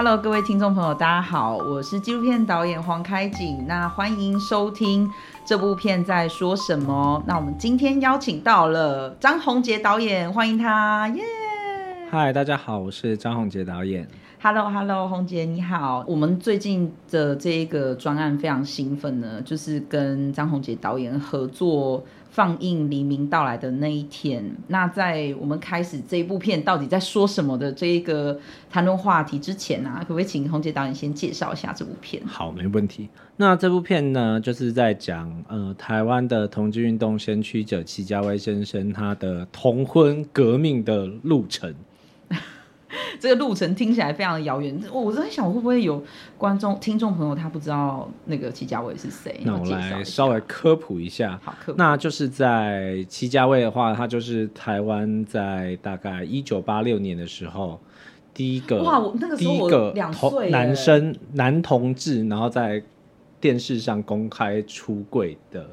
Hello，各位聽眾朋友，大家好，我是紀錄片導演黃開景。那歡迎收聽這部片在說什麼？那我們今天邀請到了張弘榤導演，歡迎他。耶，嗨，大家好，我是張弘榤導演。Hello，Hello，弘 hello, 榤你好。我們最近的這個專案非常興奮呢，就是跟張弘榤導演合作放映《黎明到來的那一天》。那在我們開始這一部片到底在說什麼的這個談論話題之前啊，可不可以請弘榤導演先介紹一下這部片？好，沒問題。那這部片呢，就是在講呃台灣的同志運動先驅者祈家威先生他的同婚革命的路程。這個路程聽起來非常的遙遠，我、哦、我在想，會不會有觀眾聽眾朋友他不知道那個祈家威是誰？那我來稍微科普一下，好科普。那就是在祈家威的話，他就是台灣在大概一九八六年的時候，第一個哇，我那個時候我兩歲男生，男同志，然後在電視上公開出櫃的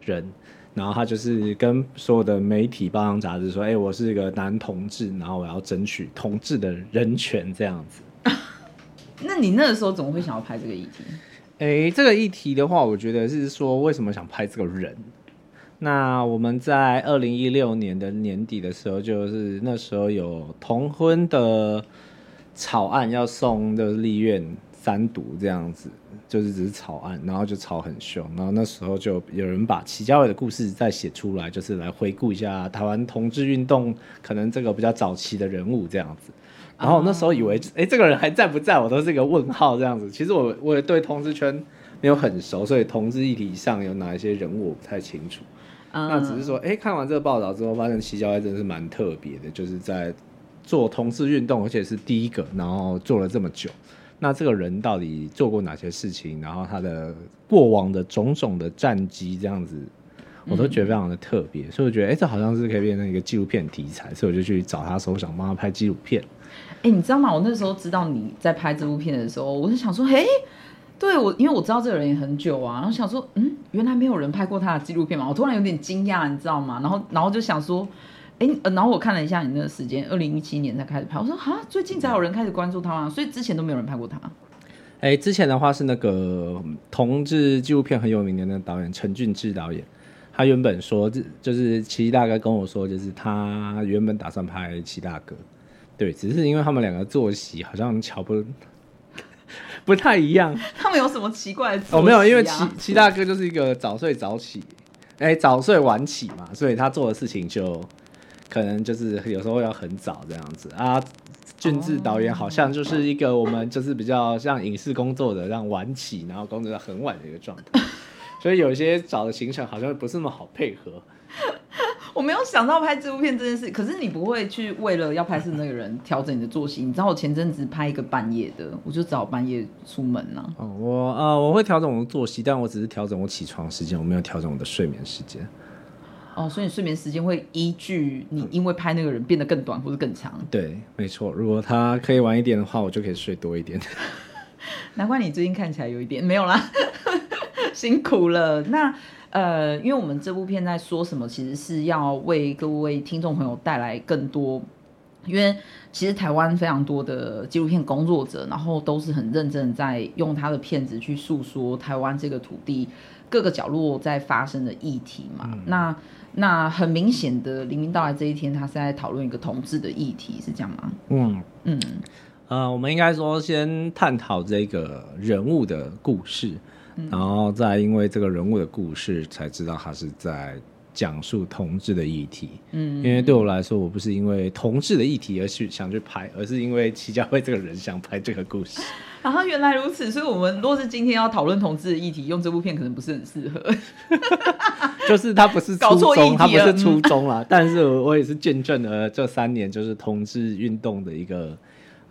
人。然後他就是跟所有的媒體、報章、雜誌說：“哎、欸，我是一個男同志，然後我要爭取同志的人權，這樣子。 ”那你那個時候怎麼會想要拍這個議題？哎、欸，這個議題的話，我覺得是說為什麼想拍這個人。那我們在二零一六年的年底的時候，就是那時候有同婚的草案要送的立院三讀，這樣子。就是只是草案，然後就吵很兇，然後那時候就有人把祈家威的故事再寫出來，就是來回顧一下台灣同志運動，可能這個比較早期的人物這樣子。然後那時候以為，誒、嗯欸，這個人還在不在？我都是一個問號這樣子。其實我我也對同志圈沒有很熟，所以同志議題上有哪一些人物我不太清楚。嗯、那只是說，哎、欸，看完這個報道之後，發現祈家威真的是蠻特別的，就是在做同志運動，而且是第一個，然後做了這麼久。那這個人到底做過哪些事情？然後他的過往的種種的戰績，這樣子，我都覺得非常的特別、嗯，所以我覺得，哎、欸，這好像是可以變成一個紀錄片題材，所以我就去找他，我想幫他拍紀錄片。哎、欸，你知道嗎？我那時候知道你在拍這部片的時候，我是想說，哎、欸，對我，因為我知道這個人也很久啊，然後想說，嗯，原來沒有人拍過他的紀錄片嘛，我突然有點驚訝，你知道嗎？然後，然後就想說。哎，然後我看了一下你那個時間，二零一七年才開始拍。我說哈，最近才有人開始關注他啊，所以之前都沒有人拍過他。哎，之前的話是那個同志紀錄片很有名的那個導演陳俊志導演，他原本說就是祁大哥跟我說，就是他原本打算拍祁大哥，對，只是因為他們兩個作息好像瞧不 不太一樣。 他們有什麼奇怪的作息啊？哦，沒有，因為祁祁大哥就是一個早睡早起，哎，早睡晚起嘛，所以他做的事情就。可能就是有時候要很早這樣子啊，俊志導演好像就是一個我們就是比較像影視工作的，這樣晚起，然後工作到很晚的一個狀態， 所以有些早的行程好像不是那麼好配合。 我沒有想到拍這部片這件事，可是你不會去為了要拍攝那個人調整你的作息？你知道我前陣子拍一個半夜的，我就只好半夜出門了，啊哦。我啊，呃，我會調整我的作息，但我只是調整我起床時間，我沒有調整我的睡眠時間。哦，所以你睡眠時間會依據你因為拍那個人變得更短或者更長？對，沒錯。如果他可以晚一點的話，我就可以睡多一點。 難怪你最近看起來有一點，沒有啦， 辛苦了。那呃，因為我們這部片在說什麼，其實是要為各位聽眾朋友帶來更多，因為其實台灣非常多的紀錄片工作者，然後都是很認真在用他的片子去訴說台灣這個土地各個角落在發生的議題嘛。嗯、那那很明顯的，黎明到來這一天，他是在討論一個同志的議題，是這樣嗎？嗯嗯，呃，我們應該說先探討這個人物的故事，然後再因為這個人物的故事，才知道他是在。講述同志的議題，嗯，因為對我來說，我不是因為同志的議題而去想去拍，而是因為祈家威這個人想拍這個故事。啊，原來如此，所以我們若是今天要討論同志的議題，用這部片可能不是很適合。 就是他不是初衷，搞錯議題了，他不是初衷啦。嗯、但是我也是見證了這三年，就是同志運動的一個。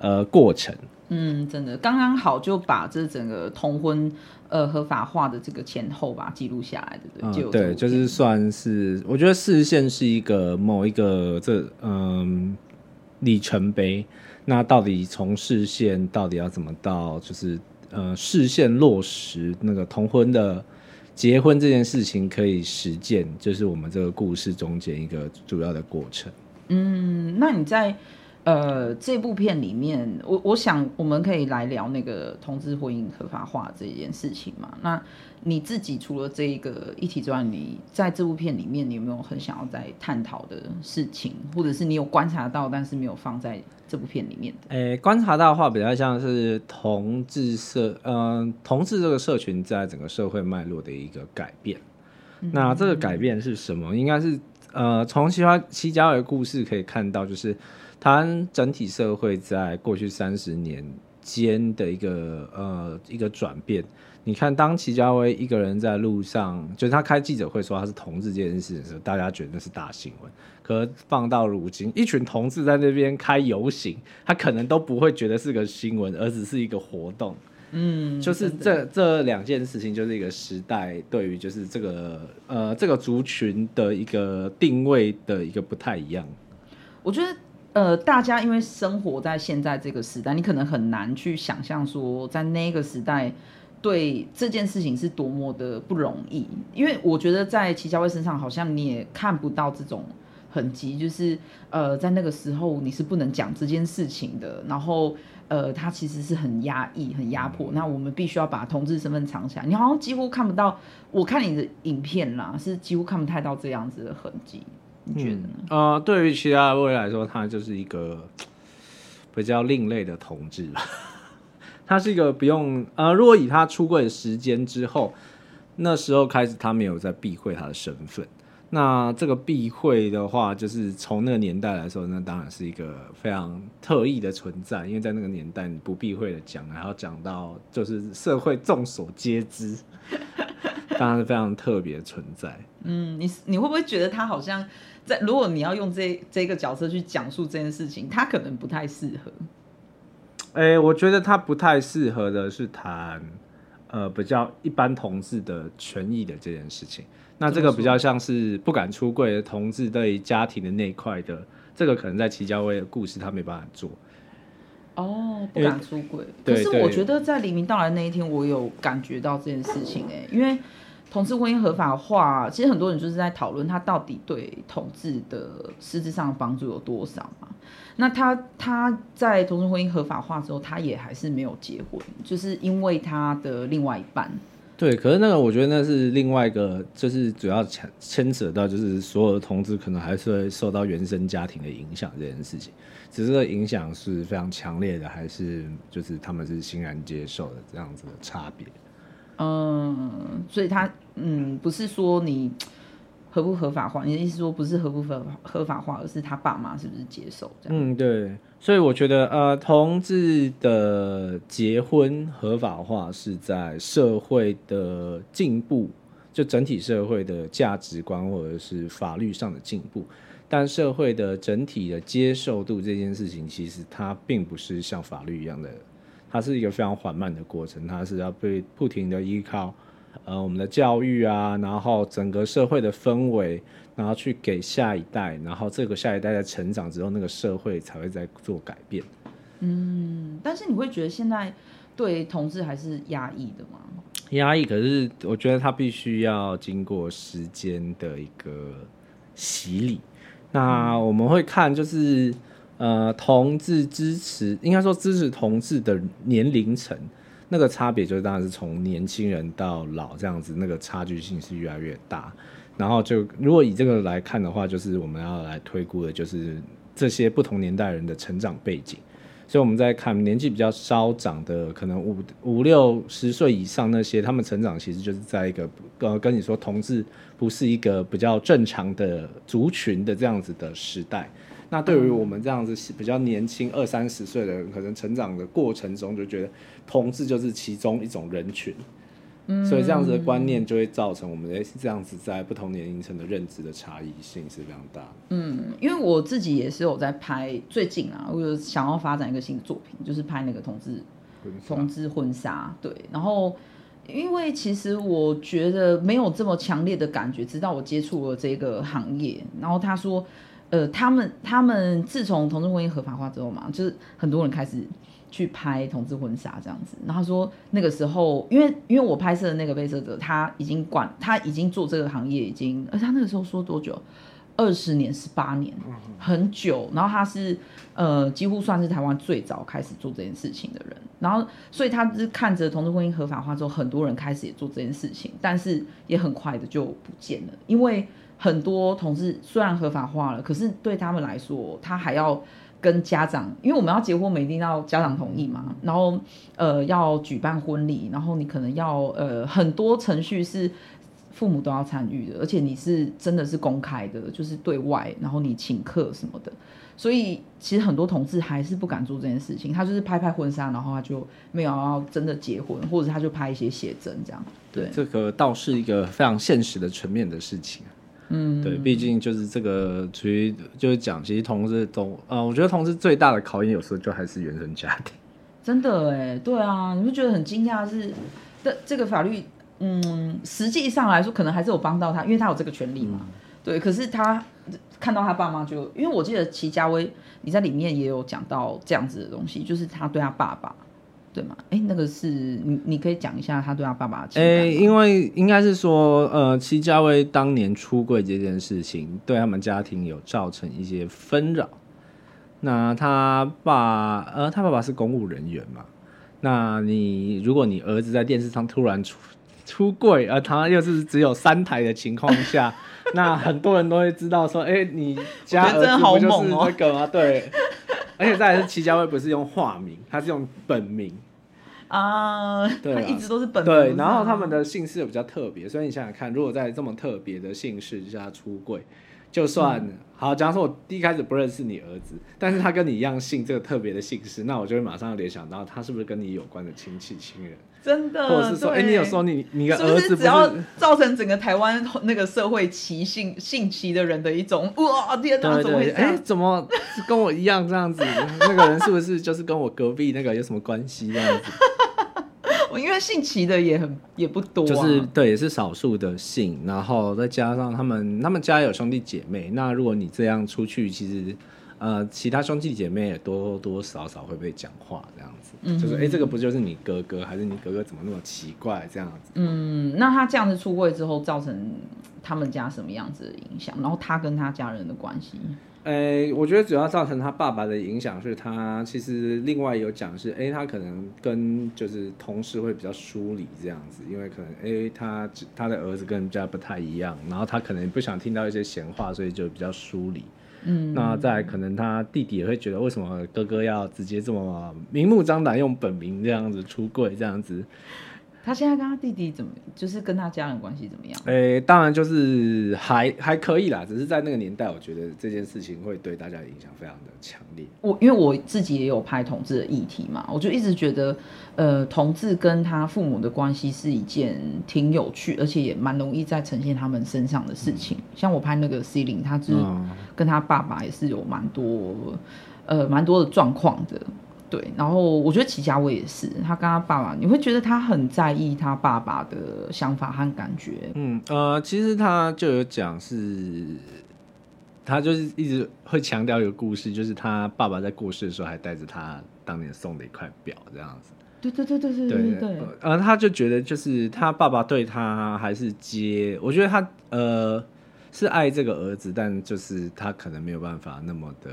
呃，過程，嗯，真的，剛剛好就把這整個同婚呃合法化的這個前後吧，記錄下來的，呃，對，就是算是我覺得釋憲是一個某一個這嗯里程碑。那到底從釋憲到底要怎麼到，就是呃，釋憲落實那個同婚的結婚這件事情可以實踐，就是我們這個故事中間一個主要的過程。嗯，那你在。呃，這部片裡面，我我想我們可以來聊那個同志婚姻合法化這件事情嘛。那你自己除了這一個議題之外，你在這部片裡面，你有沒有很想要在探討的事情，或者是你有觀察到但是沒有放在這部片裡面的？誒、哎，觀察到的話，比較像是同志社，嗯、呃，同志這個社群在整個社會脈絡的一個改變。那這個改變是什麼？應該是，呃，從祈家威的故事可以看到，就是。談整體社會在過去三十年間的一個呃一個轉變，你看，當祈家威一個人在路上，就是他開記者會說他是同志這件事情的時候，大家覺得那是大新聞。可是放到如今，一群同志在那邊開遊行，他可能都不會覺得是個新聞，而只是一個活動。嗯，就是這這兩件事情，就是一個時代對於就是這個呃這個族群的一個定位的一個不太一樣。我覺得。呃，大家因為生活在現在這個時代，你可能很難去想象說在那個時代，對這件事情是多麼的不容易。因為我覺得在祈家威身上，好像你也看不到這種痕跡，就是呃，在那個時候你是不能講這件事情的。然後呃，他其實是很壓抑、很壓迫，那我們必須要把同志身份藏起來。你好像幾乎看不到，我看你的影片啦，是幾乎看不太到這樣子的痕跡。嗯、呃，對於其他位來說，他就是一個比較另類的同志吧。 他是一個不用呃，如果以他出櫃的時間之後，那時候開始他沒有在避諱他的身份。那這個避諱的話，就是從那個年代來說，那當然是一個非常特異的存在。因為在那個年代，你不避諱的講，然後講到就是社會眾所皆知， 當然是非常特別的存在。嗯，你你會不會覺得他好像？在如果，你要用這這個角色去講述這件事情，他可能不太適合。哎、欸，我覺得他不太適合的是談，呃，比較一般同志的權益的這件事情。那這個比較像是不敢出櫃的同志對於家庭的那一塊的，這個可能在祈家威的故事他沒辦法做。哦，不敢出櫃。欸，可是我覺得在黎明到來那一天對對，我有感覺到這件事情，欸，哎，因為。同志婚姻合法化，其實很多人就是在討論他到底對同志的實質上的幫助有多少嘛？那他他在同志婚姻合法化之後，他也還是沒有結婚，就是因為他的另外一半。對，可是那個我覺得那是另外一個，就是主要牽牽扯到就是所有的同志可能還是會受到原生家庭的影響這件事情，只是影響是非常強烈的，還是就是他們是欣然接受的這樣子的差別？嗯，所以他。嗯，不是說你合不合法化，你的意思說不是合不合法合法化，而是他爸媽是不是接受？這樣，嗯，對。所以我覺得，呃，同志的結婚合法化是在社會的進步，就整體社會的價值觀或者是法律上的進步，但社會的整體的接受度這件事情，其實它並不是像法律一樣的，它是一個非常緩慢的過程，它是要被不停的依靠。呃，我們的教育啊，然後整個社會的氛圍，然後去給下一代，然後這個下一代在成長之後，那個社會才會再做改變。嗯，但是你會覺得現在對同志還是壓抑的嗎？壓抑，可是我覺得他必須要經過時間的一個洗禮。那我們會看，就是呃，同志支持，應該說支持同志的年齡層。那個差別就是，當然是從年輕人到老這樣子，那個差距性，是越來越大。然後就如果以這個來看的話，就是我們要來推估的，就是這些不同年代人的成長背景。所以我們在看年紀比較稍長的，可能五五六十歲以上那些，他們成長其實就是在一個跟你說同志不是一個比較正常的族群的這樣子的時代。那對於我們這樣子比較年輕二三十歲的人，可能成長的過程中就覺得同志就是其中一種人群，嗯，所以這樣子的觀念就會造成我們誒這樣子在不同年齡層的認知的差異性是非常大的。嗯，因為我自己也是有在拍最近啊，我有想要發展一個新的作品，就是拍那個同志同志婚紗。對，然後因為其實我覺得沒有這麼強烈的感覺，直到我接觸了這個行業，然後他說。呃，他們他們自從同志婚姻合法化之後嘛，就是很多人開始去拍同志婚紗這樣子。然後說那個時候，因為因為我拍攝的那個被攝者，他已經管他已經做這個行業已經，而他那個時候說多久，二十年十八年，很久。然後他是呃，幾乎算是台灣最早開始做這件事情的人。然後所以他是看着同志婚姻合法化之後，很多人開始也做這件事情，但是也很快的就不見了，因為。很多同志雖然合法化了，可是對他們來說，他還要跟家長，因為我們要結婚，嘛，一定要家長同意嘛。然後，呃，要舉辦婚禮，然後你可能要，呃，很多程序是父母都要參與的，而且你是真的是公開的，就是對外，然後你請客什麼的。所以，其實很多同志還是不敢做這件事情，他就是拍拍婚紗，然後他就沒有要真的結婚，或者他就拍一些寫真這樣。對，對這個倒是一個非常現實的層面的事情。嗯，對，畢竟就是這個，屬於就是講，其實同志都、呃，我覺得同志最大的考驗有時候就還是原生家庭。真的哎，對啊，你會覺得很驚訝的是，那、嗯、這個法律，嗯，實際上來說可能還是有幫到他，因為他有這個權利嘛。嗯、對，可是他看到他爸媽就，因為我記得祈家威，你在裡面也有講到這樣子的東西，就是他對他爸爸。對嗎？哎、欸，那個是你，你可以講一下他對他爸爸的情。哎、欸，因為應該是說，呃，祈家威當年出櫃這件事情，對他們家庭有造成一些紛擾。那他爸，呃，他爸爸是公務人員嘛，那你如果你兒子在電視上突然出出櫃，而、呃、他又是只有三台的情況下， 那很多人都會知道說，哎、欸，你家真的好猛哦，對。 而且再是祈家威不是用化名，他是用本名。啊、uh,，他一直都是本地人，對是，對，然後他們的姓氏又比較特別，所以你想想看，如果在這麼特別的姓氏之下出櫃。就算、嗯、好，假如說我第一開始不認識你兒子，但是他跟你一樣姓這個特別的姓氏，那我就會馬上聯想到他是不是跟你有關的親戚親人？真的，或者是說，哎、欸，你有說你你的兒子不？是不是只要造成整個台灣那個社會祈姓姓祈的人的一種 哇天、啊？對對，對，哎、欸，怎麼跟我一樣這樣子？ 那個人是不是就是跟我隔壁那個有什麼關係這樣子？ 因為姓祁的也很也不多、啊，就是對，也是少數的姓，然後再加上他們他們家有兄弟姐妹，那如果你這樣出去，其實呃其他兄弟姐妹也多多少少會被講話這樣子，嗯、就是哎、欸、這個不就是你哥哥，還是你哥哥怎麼那麼奇怪這樣子？嗯，那他這樣子出櫃之後，造成他們家什麼樣子的影響？然後他跟他家人的關係？哎、欸，我覺得主要造成他爸爸的影響是他其實另外有講是，哎、欸，他可能跟就是同事會比較疏離這樣子，因為可能哎、欸、他他的兒子跟人家不太一樣，然後他可能不想聽到一些閒話，所以就比較疏離。嗯，那再可能他弟弟也會覺得為什麼哥哥要直接這麼明目張膽用本名這樣子出櫃這樣子。他現在跟他弟弟怎麼，就是跟他家人關係怎麼樣？誒、欸，當然就是還還可以啦，只是在那個年代，我覺得這件事情會對大家的影響非常的強烈。我因為我自己也有拍同志的議題嘛，我就一直覺得，呃，同志跟他父母的關係是一件挺有趣，而且也蠻容易在呈現他們身上的事情。嗯、像我拍那個 C 零，他就是跟他爸爸也是有蠻多，呃，蠻多的狀況的。對，然後我覺得祈家威也是，他跟他爸爸，你會覺得他很在意他爸爸的想法和感覺。嗯、呃，其實他就有講是，他就是一直會強調一個故事，就是他爸爸在過世的時候還帶着他當年送的一塊錶，這樣子。對對對對對對對，對，對、呃。他就覺得就是他爸爸對他還是接，我覺得他呃是愛這個兒子，但就是他可能沒有辦法那麼的。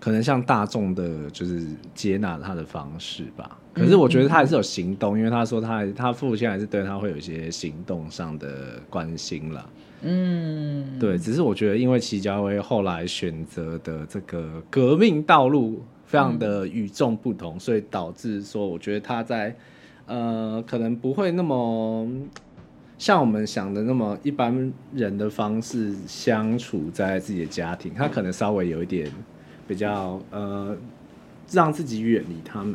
可能像大眾的，就是接納他的方式吧。可是我覺得他還是有行動，因為他說他還，他父親還是對他會有一些行動上的關心了。嗯，對。只是我覺得，因為祈家威後來選擇的這個革命道路非常的與眾不同，所以導致說，我覺得他在呃，可能不會那麼像我們想的那麼一般人的方式相處在自己的家庭。他可能稍微有一點。比較呃，讓自己遠離他們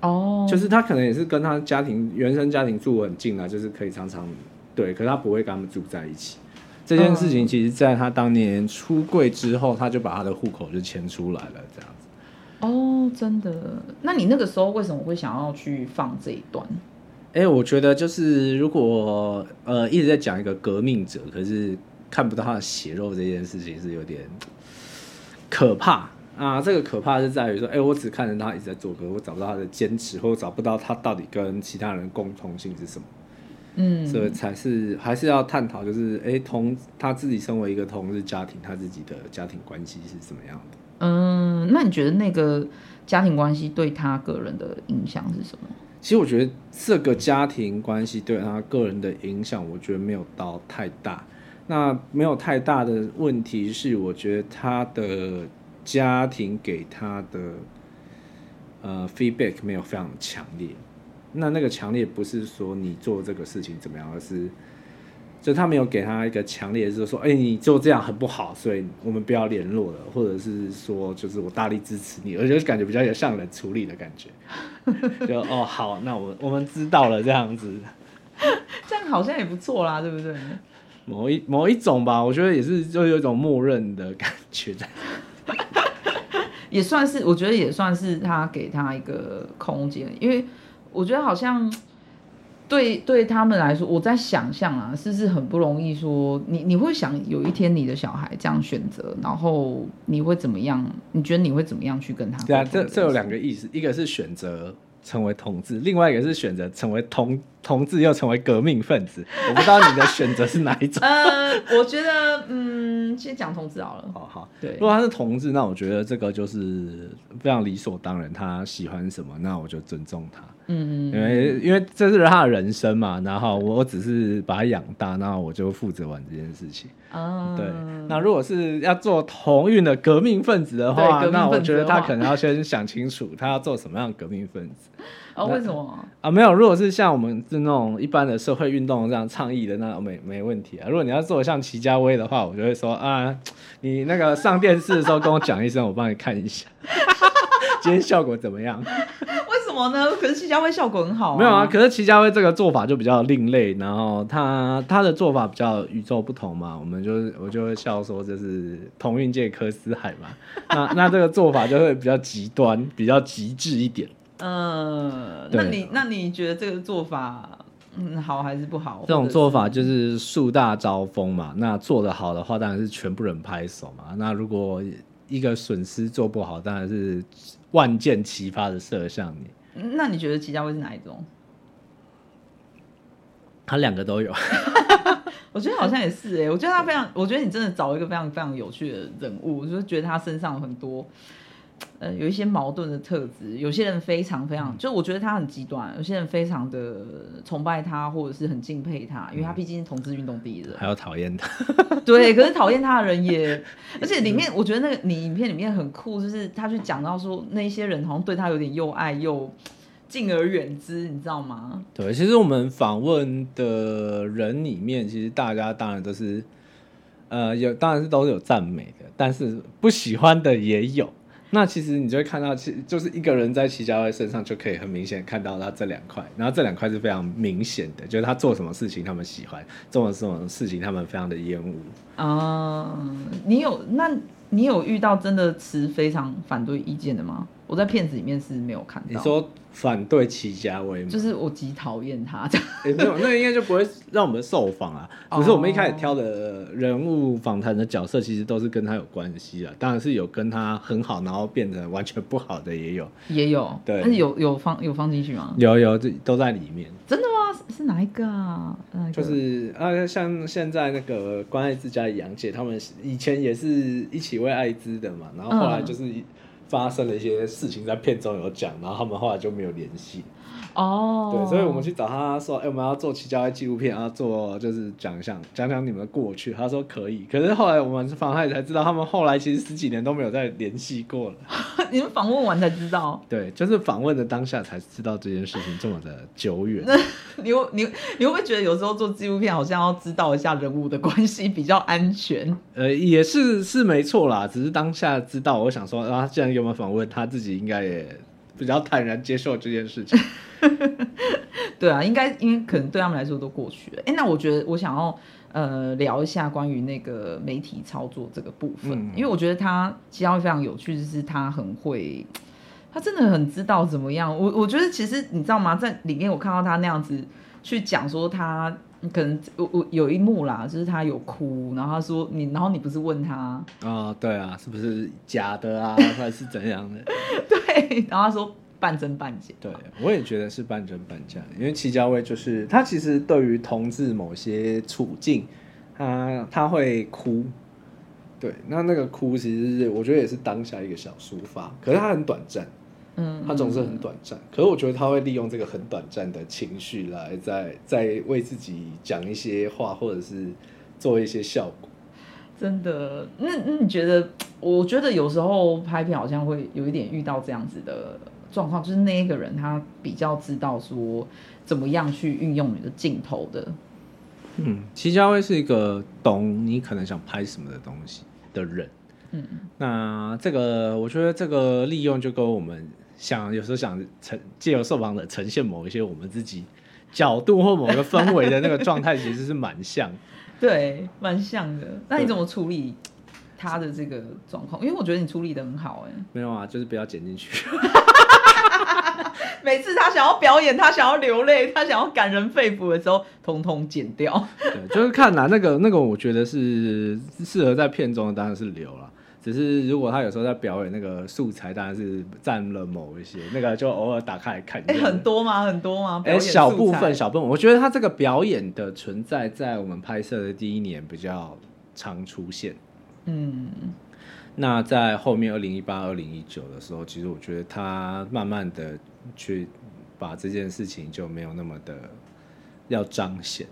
哦，oh. 就是他可能也是跟他家庭原生家庭住很近啊，就是可以常常對，可是他不會跟他們住在一起。這件事情其實，在他當年出櫃之後，oh. 他就把他的戶口就遷出來了，這樣子。哦、oh，真的？那你那個時候為什麼會想要去放這一段？哎、欸，我覺得就是如果呃一直在講一個革命者，可是看不到他的血肉，這件事情是有點。可怕啊！這個可怕是在於說，哎、欸，我只看着他一直在做歌，我找不到他的堅持，或我找不到他到底跟其他人共同性是什麼？嗯，所以才是還是要探討，就是誒、欸，同他自己身為一個同事家庭，他自己的家庭關係是什麼樣的？嗯，那你覺得那個家庭關係對他個人的影響是什麼？其實我覺得這個家庭關係對他個人的影響，我覺得沒有到太大。那沒有太大的問題，是我覺得他的家庭給他的呃 feedback 沒有非常強烈。那那個強烈不是說你做這個事情怎麼樣，而是就他沒有給他一個強烈，就是說，哎、欸，你做這樣很不好，所以我們不要聯絡了，或者是說，就是我大力支持你，而且感覺比較有像人處理的感覺。 就哦，好，那我我們知道了，這樣子， 這樣好像也不錯啦，對不對？某一某一種吧，我覺得也是，就有一種默認的感覺， 也算是，我覺得也算是他給他一個空間，因為我覺得好像對對他們來說，我在想象啊，是不是很不容易說你你會想有一天你的小孩這樣選擇，然後你會怎麼樣？你覺得你會怎麼樣去跟他？對啊，這這有兩個意思，一個是選擇成為同志，另外一個是選擇成為同。同志又成為革命分子，我不知道你的選擇是哪一種 呃。我覺得，嗯，先講同志好了。好好，對。如果他是同志，那我覺得這個就是非常理所當然，他喜歡什麼，那我就尊重他。嗯嗯。因為，因為這是他的人生嘛，然後我只是把他養大，那我就負責完這件事情。哦、嗯。對。那如果是要做同運的,革命,的革命分子的話，那我覺得他可能要先想清楚，他要做什麼樣的革命分子。啊？為什麼啊？沒有。如果是像我們是那種一般的社會運動這樣倡議的，那沒沒問題啊。如果你要做像祈家威的話，我就會說啊，你那個上電視的時候跟我講一聲， 我幫你看一下，今天效果怎麼樣？ 為什麼呢？可是祈家威效果很好啊。沒有啊，可是祈家威這個做法就比較另類，然後他他的做法比較與眾不同嘛。我們就是我就會笑說這是同運界柯賜海嘛。 那那這個做法就會比較極端，比較極致一點。嗯，那你那你覺得這個做法，嗯，好還是不好？這種做法就是樹大招風嘛。那做得好的話，當然是全部人拍手嘛。那如果一個損失做不好，當然是萬箭齊發的射向你。那你覺得祈家威是哪一種？他兩個都有 ， 我覺得好像也是哎、欸。我覺得他非常，我覺得你真的找了一個非常非常有趣的人物，我就是、覺得他身上有很多。呃、嗯，有一些矛盾的特質。有些人非常非常，嗯、就我覺得他很極端；有些人非常的崇拜他或者是很敬佩他，因為他畢竟是同志運動第一人。還要討厭他？對，可是討厭他的人也， 而且裡面我覺得那個你影片裡面很酷，就是他去講到說那些人好像對他有點又愛又敬而遠之，你知道嗎？對，其實我們訪問的人裡面，其實大家當然都是呃有，當然是都是有讚美的，但是不喜歡的也有。那其實你就會看到，其就是一個人在祈家威身上就可以很明顯看到他這兩塊，然後這兩塊是非常明顯的，就是他做什麼事情，他們喜歡；做什麼什麼事情，他們非常的厭惡。啊、uh,，你有那你有遇到真的持非常反對意見的嗎？我在片子裡面是沒有看到、欸。你說反對祈家威嗎？就是我極討厭他。這樣，沒有，那應該就不會讓我們受訪啊。可 是我們一開始挑的人物訪談的角色，其實都是跟他有關係啊。當然是有跟他很好，然後變成完全不好的也有，也有。對，但是有有，有放有放進去嗎？有有，這都在裡面。真的嗎？是哪一個啊？個就是、啊、像現在那個關愛之家的楊姐，他們以前也是一起為愛滋的嘛，然後後來就是。嗯發生了一些事情，在片中有講，然後他們後來就沒有聯繫。哦、oh.，對，所以我們去找他，他說，哎、欸，我們要做祈家威的紀錄片啊，做就是講一下，講講你們的過去。他說可以，可是後來我們訪問他也才知道，他們後來其實十幾年都沒有再聯繫過了。 你們訪問完才知道？對，就是訪問的當下才知道這件事情這麼的久遠。 那你會你你，你會不會覺得有時候做紀錄片好像要知道一下人物的關係比較安全？呃，也是是沒錯啦，只是當下知道，我想說，啊，既然給我們訪問，他自己應該也。比較坦然接受這件事情， 對啊，應該因為可能對他們來說都過去了。哎、欸，那我覺得我想要呃聊一下關於那個媒體操作這個部分，嗯、因為我覺得他其實非常有趣，就是他很會，他真的很知道怎麼樣。我我覺得其實你知道嗎，在裡面我看到他那樣子去講說他。可能我我有一幕啦，就是他有哭，然後他說你，然後你不是問他啊、哦？對啊，是不是假的啊？或 者是怎樣的？對，然後他說半真半假。對，我也覺得是半真半假，因為祈家威就是他，其實對於同志某些處境，他他會哭。對，那那個哭其實是我覺得也是當下一個小抒發，可是他很短暫。嗯，他總是很短暫，可是我覺得他會利用這個很短暫的情緒來在在為自己講一些話，或者是做一些效果。真的，那那你覺得？我覺得有時候拍片好像會有一點遇到這樣子的狀況，就是那一個人他比較知道說怎麼樣去運用你的鏡頭的。嗯，祈家威是一個懂你可能想拍什麼的東西的人。嗯，那這個我覺得這個利用就跟我們。想有時候想呈借由受訪者呈現某一些我們自己角度或某個氛圍的那個狀態，其實是蠻像， 對，蠻像的。那你怎麼處理他的這個狀況？因為我覺得你處理得很好、欸，哎，沒有啊，就是不要剪進去。 每次他想要表演，他想要流淚，他想要感人肺腑的時候，通通剪掉。 對，就是看啦，那個那個，我覺得是適合在片中的，當然是留了。只是如果他有時候在表演那個素材，當然是佔了某一些，那個就偶爾打開來看。哎、欸欸，很多嗎？很多嗎？哎、欸，小部分，小部分。我覺得他這個表演的存在，在，在我們拍攝的第一年比較常出現。嗯，那在後面二零一八、二零一九的時候，其實我覺得他慢慢的去把這件事情就沒有那麼的要彰顯。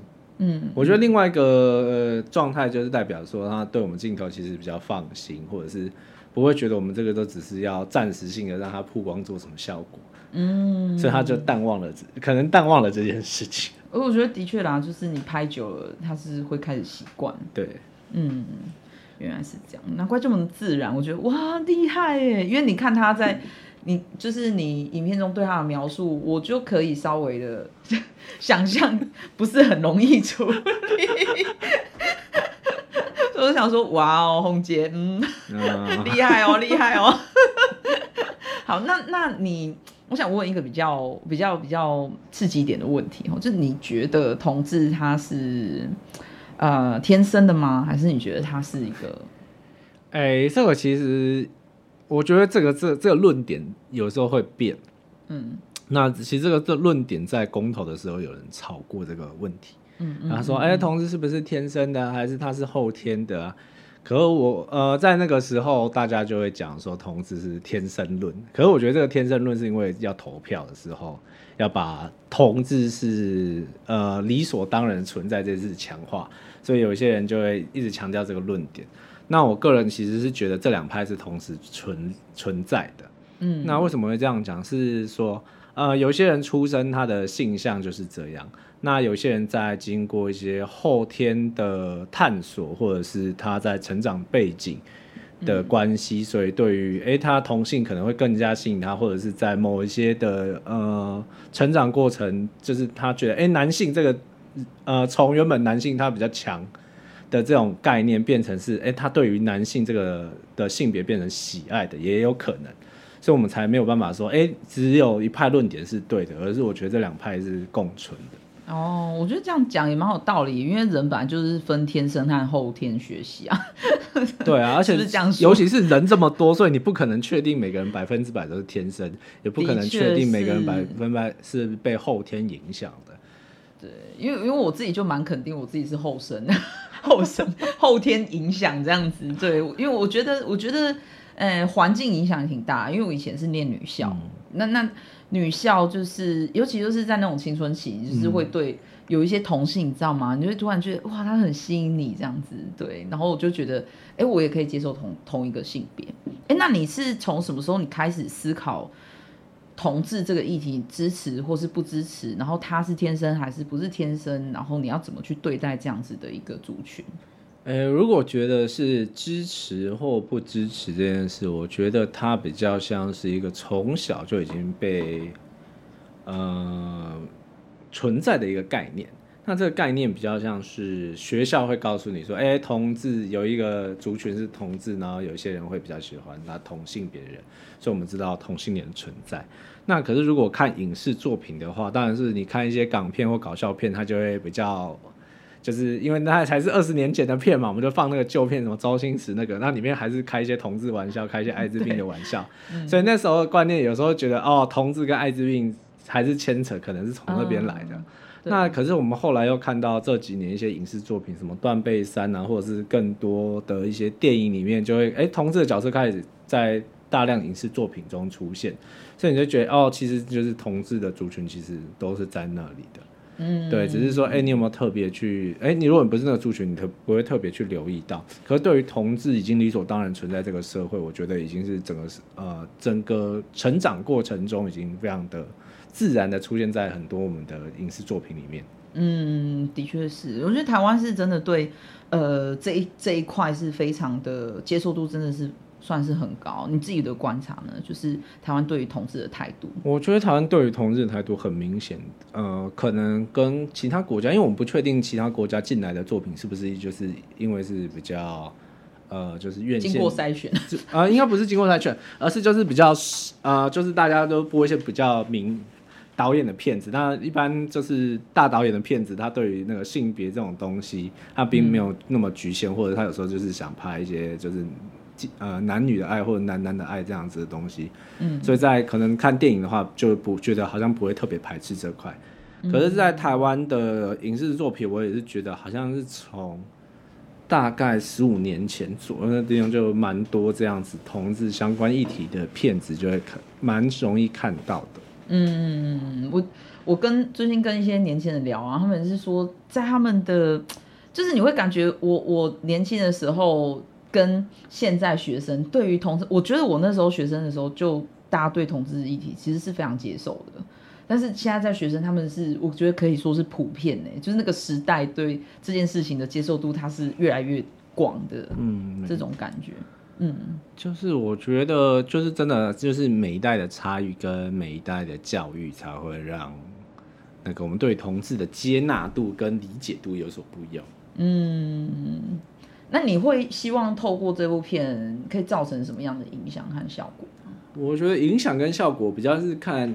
嗯，我覺得另外一個呃狀態就是代表說，他對我們鏡頭其實比較放心，或者是不會覺得我們這個都只是要暫時性的讓他曝光做什麼效果，嗯，所以他就淡忘了，可能淡忘了這件事情。我覺得的確啦，就是你拍久了，他是會開始習慣。對，嗯，原來是這樣，難怪這麼自然。我覺得哇，厲害耶，因為你看他在。 你就是你影片中對他的描述，我就可以稍微的想象不是很容易出。 所以我想說，哇哦，弘榤，嗯，厲 害哦，厲害哦。 好，那那你，我想問一個比較比較比較刺激一點的問題哦，就是你覺得同志他是呃天生的嗎？還是你覺得他是一個？哎、欸，這個其實。我覺得這個這個、這個論點有時候會變，嗯，那其實這個這個、論點在公投的時候有人炒過這個問題，嗯，他說，哎、嗯，同志是不是天生的，還是他是後天的，啊？可是我呃，在那個時候大家就會講說同志是天生論，可是我覺得這個天生論是因為要投票的時候要把同志是呃理所當然的存在，這是強化，所以有一些人就會一直強調這個論點。那我個人其實是覺得這兩派是同時存存在的，嗯，那為什麼會這樣講？是說，呃，有些人出生他的性向就是這樣，那有些人在經過一些後天的探索，或者是他在成長背景的關係，嗯，所以對於誒、欸，他同性可能會更加吸引他，或者是在某一些的呃成長過程，就是他覺得哎、欸，男性這個呃從原本男性他比較強。的這種概念變成是，哎、欸，他對於男性這個的性別變成喜愛的也有可能，所以我們才沒有辦法說，哎、欸，只有一派論點是對的，而是我覺得這兩派是共存的。哦，我覺得這樣講也蠻有道理，因為人本來就是分天生和後天學習啊。 對啊，而且是是這樣，尤其是人這麼多，所以你不可能確定每個人百分之百都是天生，也不可能確定每個人百分之百是被後天影響的。對，因為因為我自己就蠻肯定，我自己是後生，後生 後天影響這樣子。對，因為我覺得，我覺得，呃，環境影響也挺大。因為我以前是念女校，嗯、那那女校就是，尤其就是在那種青春期，就是會對有一些同性，嗯、你知道嗎？你會突然覺得，哇，她很吸引你這樣子。對，然後我就覺得，哎、欸，我也可以接受同同一個性別。哎、欸，那你是從什麼時候你開始思考？同志這個議題支持或是不支持，然後他是天生還是不是天生，然後你要怎麼去對待這樣子的一個族群？欸，如果覺得是支持或不支持這件事，我覺得它比較像是一個從小就已經被，呃，存在的一個概念。那這個概念比較像是學校會告訴你說，哎、欸，同志有一個族群是同志，然後有些人會比較喜歡那同性別人，所以我們知道同性戀的存在。那可是如果看影視作品的話，當然是你看一些港片或搞笑片，它就會比較，就是因為那才是二十年前的片嘛，我們就放那個舊片，什麼周星馳那個，那裡面還是開一些同志玩笑，開一些艾滋病的玩笑，嗯、所以那時候的觀念有時候覺得哦，同志跟艾滋病還是牽扯，可能是從那邊來的。嗯那可是我們後來又看到這幾年一些影視作品，什麼《斷背山》啊，或者是更多的一些電影裡面，就會哎，同志的角色開始在大量影視作品中出現，所以你就覺得哦，其實就是同志的族群其實都是在那裡的，嗯，對，只是說哎，你有沒有特別去哎，你如果你不是那個族群，你特不會特別去留意到。可是對於同志已經理所當然存在這個社會，我覺得已經是整個呃整個成長過程中已經非常的。自然的出現在很多我們的影視作品裡面。嗯，的確是，我覺得台灣是真的對，呃，這一這一塊是非常的接受度，真的是算是很高。你自己的觀察呢，就是台灣對於同志的態度。我覺得台灣對於同志的態度很明顯，呃，可能跟其他國家，因為我們不確定其他國家進來的作品是不是就是因為是比較，呃，就是院線經過篩選，啊、呃，應該不是經過篩選， 而是就是比較，啊、呃，就是大家都播一些比較明。導演的片子，那一般就是大導演的片子，他對於那個性別這種東西，他並沒有那麼局限，嗯，或者他有時候就是想拍一些就是，呃，男女的愛或者男男的愛這樣子的東西，嗯，所以在可能看電影的話，就不覺得好像不會特別排斥這塊，嗯，可是，在台灣的影視作品，我也是覺得好像是從大概十五年前左右的地方就蠻多這樣子同志相關議題的片子，就會看蠻容易看到的。嗯，我我跟最近跟一些年輕人聊啊，他們是說，在他們的，就是你會感覺我我年輕的時候跟現在學生對於同志，我覺得我那時候學生的時候就大家對同志議題其實是非常接受的，但是現在在學生他們是我覺得可以說是普遍呢、欸，就是那個時代對這件事情的接受度它是越來越廣的，嗯，這種感覺。嗯，就是我覺得，就是真的，就是每一代的差異跟每一代的教育，才會讓那個我們對同志的接納度跟理解度有所不一樣。嗯，那你會希望透過這部片可以造成什麼樣的影響和效果？我覺得影響跟效果比較是看，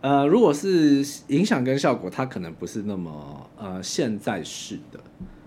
呃，如果是影響跟效果，它可能不是那麼呃現在式的。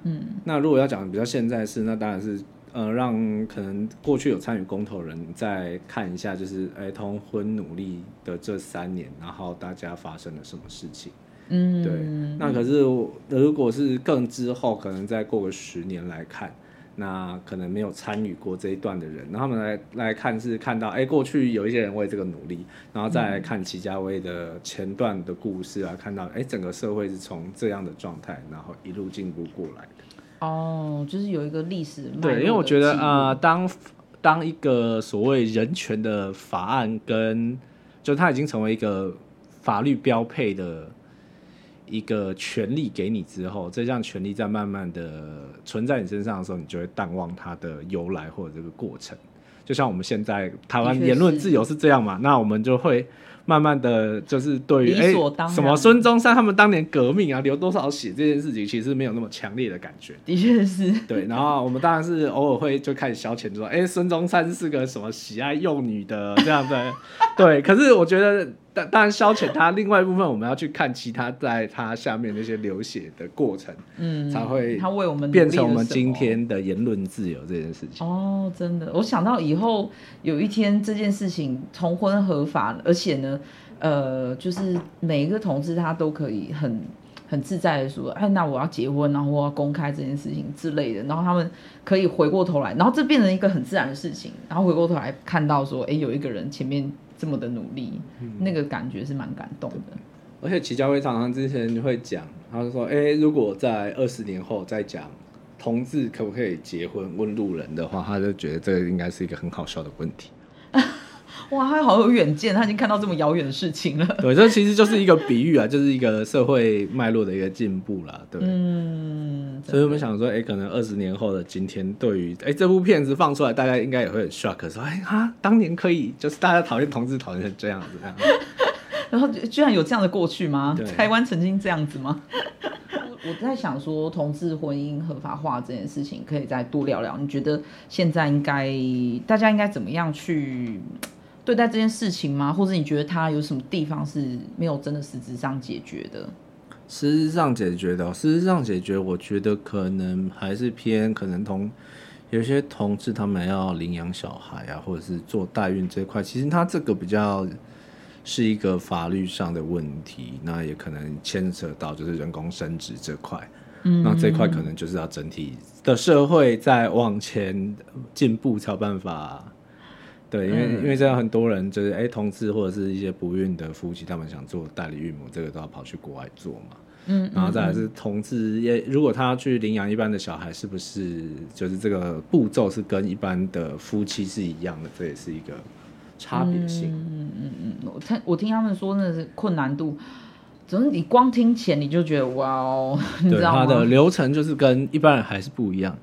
嗯，那如果要講比較現在式，那當然是。呃，讓可能過去有參與公投人再看一下，就是兒、哎，通婚努力的這三年，然後大家發生了什麼事情？嗯，對。那可是如果是更之後，可能再過個十年來看，那可能沒有參與過這一段的人，然後他們來來看是看到，哎，過去有一些人為這個努力，然後再來看祈家威的前段的故事啊，嗯、看到哎，整個社會是從這樣的狀態，然後一路進步過來。哦，就是有一個歷史。對，因為我覺得啊、呃，當當一個所謂人權的法案跟就它已經成為一個法律標配的一個權利給你之後，這項權利在慢慢的存在你身上的時候，你就會淡忘它的由來或者這個過程。就像我們現在台灣言論自由是這樣嘛，那我們就會。慢慢的就是對於哎、欸、什麼孫中山他們當年革命啊，流多少血這件事情，其實沒有那麼強烈的感覺。的確是，對。然後我們當然是偶爾會就開始消遣就說，哎、欸，孫中山是個什麼喜愛幼女的這樣子。 對，可是我覺得。但當然，消遣他另外一部分，我們要去看其他在他下面那些流血的過程，嗯，才會他為我們變成我們今天的言論自由這件事情，嗯。哦，真的，我想到以後有一天這件事情同婚合法而且呢，呃，就是每一個同志他都可以很很自在的說，哎，那我要結婚，然後我要公開這件事情之類的，然後他們可以回過頭來，然後這變成一個很自然的事情，然後回過頭來看到說，哎、欸，有一個人前面。這麼的努力，嗯，那個感覺是蠻感動的。而且祈家威常常之前會講，他就說：“哎、欸，如果在二十年後再講同志可不可以結婚問路人的話，他就覺得這個應該是一個很好笑的問題。”哇，他好有遠見，他已經看到這麼遙遠的事情了。對，這其實就是一個比喻啊， 就是一個社會脈絡的一個進步啦，對。嗯對，所以我們想說，哎、欸，可能二十年後的今天對於，對於哎這部片子放出來，大家應該也會很 shock，說哎他、欸啊、當年可以就是大家討厭同志，討厭成這樣子，然後 居然有這樣的過去嗎？對台灣曾經這樣子嗎？我 我在想說，同志婚姻合法化這件事情，可以再多聊聊。你覺得現在應該大家應該怎麼樣去？對待這件事情嗎？或者你覺得他有什麼地方是沒有真的實質上解決的？實質上解決的，實質上解決，我覺得可能還是偏可能同有些同志他們要領養小孩啊，或者是做代孕這塊，其實他這個比較是一個法律上的問題，那也可能牽扯到就是人工生殖這塊，嗯，那這塊可能就是要整體的社會在往前進步才有辦法。對，因為、嗯、因為現在很多人就是哎，同志或者是一些不孕的夫妻，他們想做代理孕母，這個都要跑去國外做嘛。嗯，然後再來是同志也，如果他去領養一般的小孩，是不是就是這個步驟是跟一般的夫妻是一樣的？這也是一個差別性。嗯嗯嗯，我聽我聽他們說，那是困難度，總是你光聽錢你就覺得哇哦，你知道嗎？對，他的流程就是跟一般人還是不一樣。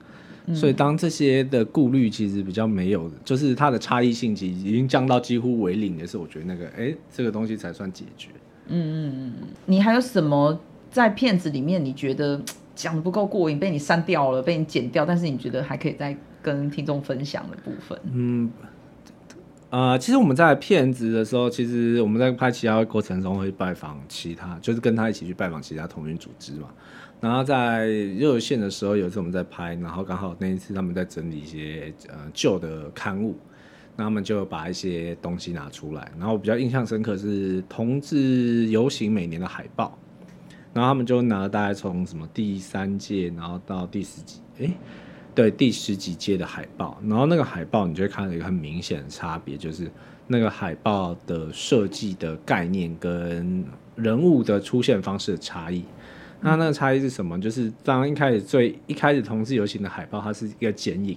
所以，當這些的顧慮其實比較沒有，嗯、就是它的差異性其實已經降到幾乎為零的時候，我覺得那個，哎、欸，這個東西才算解決。嗯嗯嗯。你還有什麼在片子裡面你覺得講不夠過癮，被你刪掉了，被你剪掉，但是你覺得還可以再跟聽眾分享的部分？嗯，呃、其實我們在片子的時候，其實我們在拍其他過程中會拜訪其他，就是跟他一起去拜訪其他同運組織嘛。然後在熱線的時候，有一次我們在拍，然後剛好那一次他們在整理一些呃舊的刊物，那他們就把一些東西拿出來，然後我比較印象深刻是同志遊行每年的海報，然後他們就拿了大概從什麼第三屆，然後到第十幾，誒，對，第十幾屆的海報，然後那個海報你就會看到一個很明顯的差別，就是那個海報的設計的概念跟人物的出現方式的差異。那那個差異是什麼？就是當一開始，最一開始同志遊行的海報，它是一個剪影，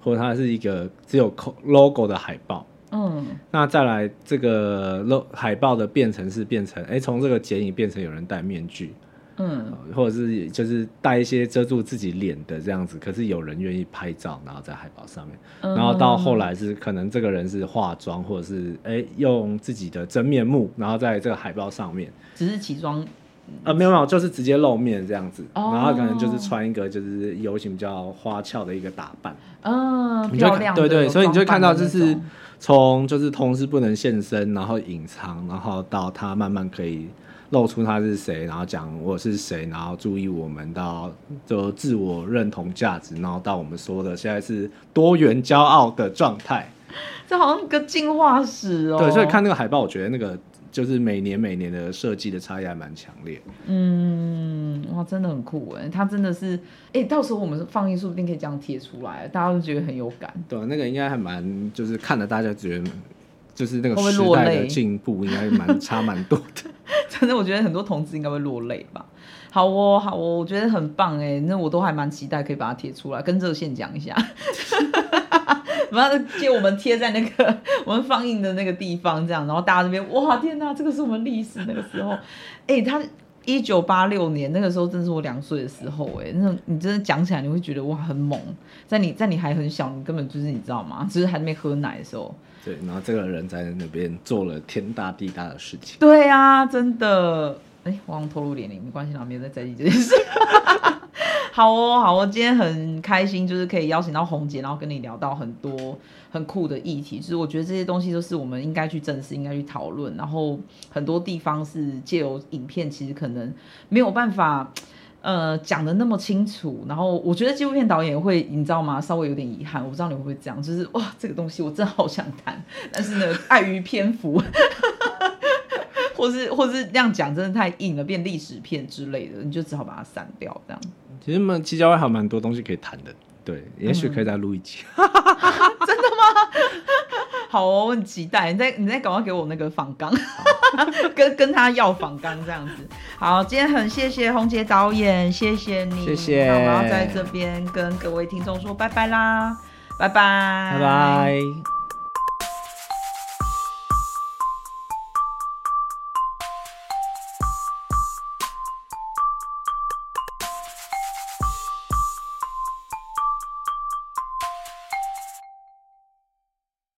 或者它是一個只有 logo 的海報。嗯。那再來這個 logo 海報的變成是變成，哎、欸，從這個剪影變成有人戴面具，嗯，呃、或者是就是戴一些遮住自己臉的這樣子。可是有人願意拍照，然後在海報上面。然後到後來是可能這個人是化妝，或者是哎、欸、用自己的真面目，然後在這個海報上面。只是起妝。呃，沒有沒有，就是直接露面這樣子，哦、然後可能就是穿一個就是遊行比較花俏的一個打扮，嗯、哦，你就對對，對，所以你就會看到就是從就是同志不能現身，然後隱藏，然後到他慢慢可以露出他是誰，然後講我是誰，然後注意我們到就自我認同價值，然後到我們說的現在是多元驕傲的狀態，嗯，這好像個進化史哦，對，所以看那個海報，我覺得那個。就是每年每年的設計的差異還蠻強烈。嗯，哇，真的很酷誒。他真的是誒、欸，到時候我們放映說不定可以這樣貼出來，大家都覺得很有感。對、啊，那個應該還蠻，就是看了大家覺得，就是那個時代的進步應該蠻差蠻多的會會。真的， 我覺得很多同志應該會落淚吧。好哦，好哦，我覺得很棒哎，那我都還蠻期待可以把它貼出來，跟熱線講一下，把 它接我們貼在那個我們放映的那個地方，這樣，然後大家那邊，哇，天哪，這個是我們歷史那個時候，哎、 欸，他一九八六年那個時候正是我兩歲的時候，哎，那種你真的講起來你會覺得哇很猛，在你，在你還很小，你根本就是你知道嗎？只、就是還沒喝奶的時候。對，然後這個人在那邊做了天大地大的事情。對呀、啊，真的。哎，忘了透露年齡，沒關係，我、啊、沒有在在意這件事。 好哦，好哦，今天很開心，就是可以邀請到弘榤，然後跟你聊到很多很酷的議題，就是我覺得這些東西都是我們應該去正視、應該去討論。然後很多地方是借由影片，其實可能沒有辦法呃講得那麼清楚。然後我覺得紀錄片導演會，你知道嗎？稍微有點遺憾，我不知道你會不會這樣，就是哇，這個東西我真的好想談，但是呢，礙於篇幅。 或是或是，這樣講真的太硬了，變歷史片之類的，你就只好把它刪掉。這樣，其實我們七教會還蠻多東西可以談的，對，嗯、也許可以再錄一期。 真的嗎？好、哦，我很期待。你再你再趕快給我那個訪綱， 好 跟跟他要訪綱這樣子。好，今天很謝謝弘榤導演，謝謝你，謝謝。我要在這邊跟各位聽眾說拜拜啦，拜拜，拜拜。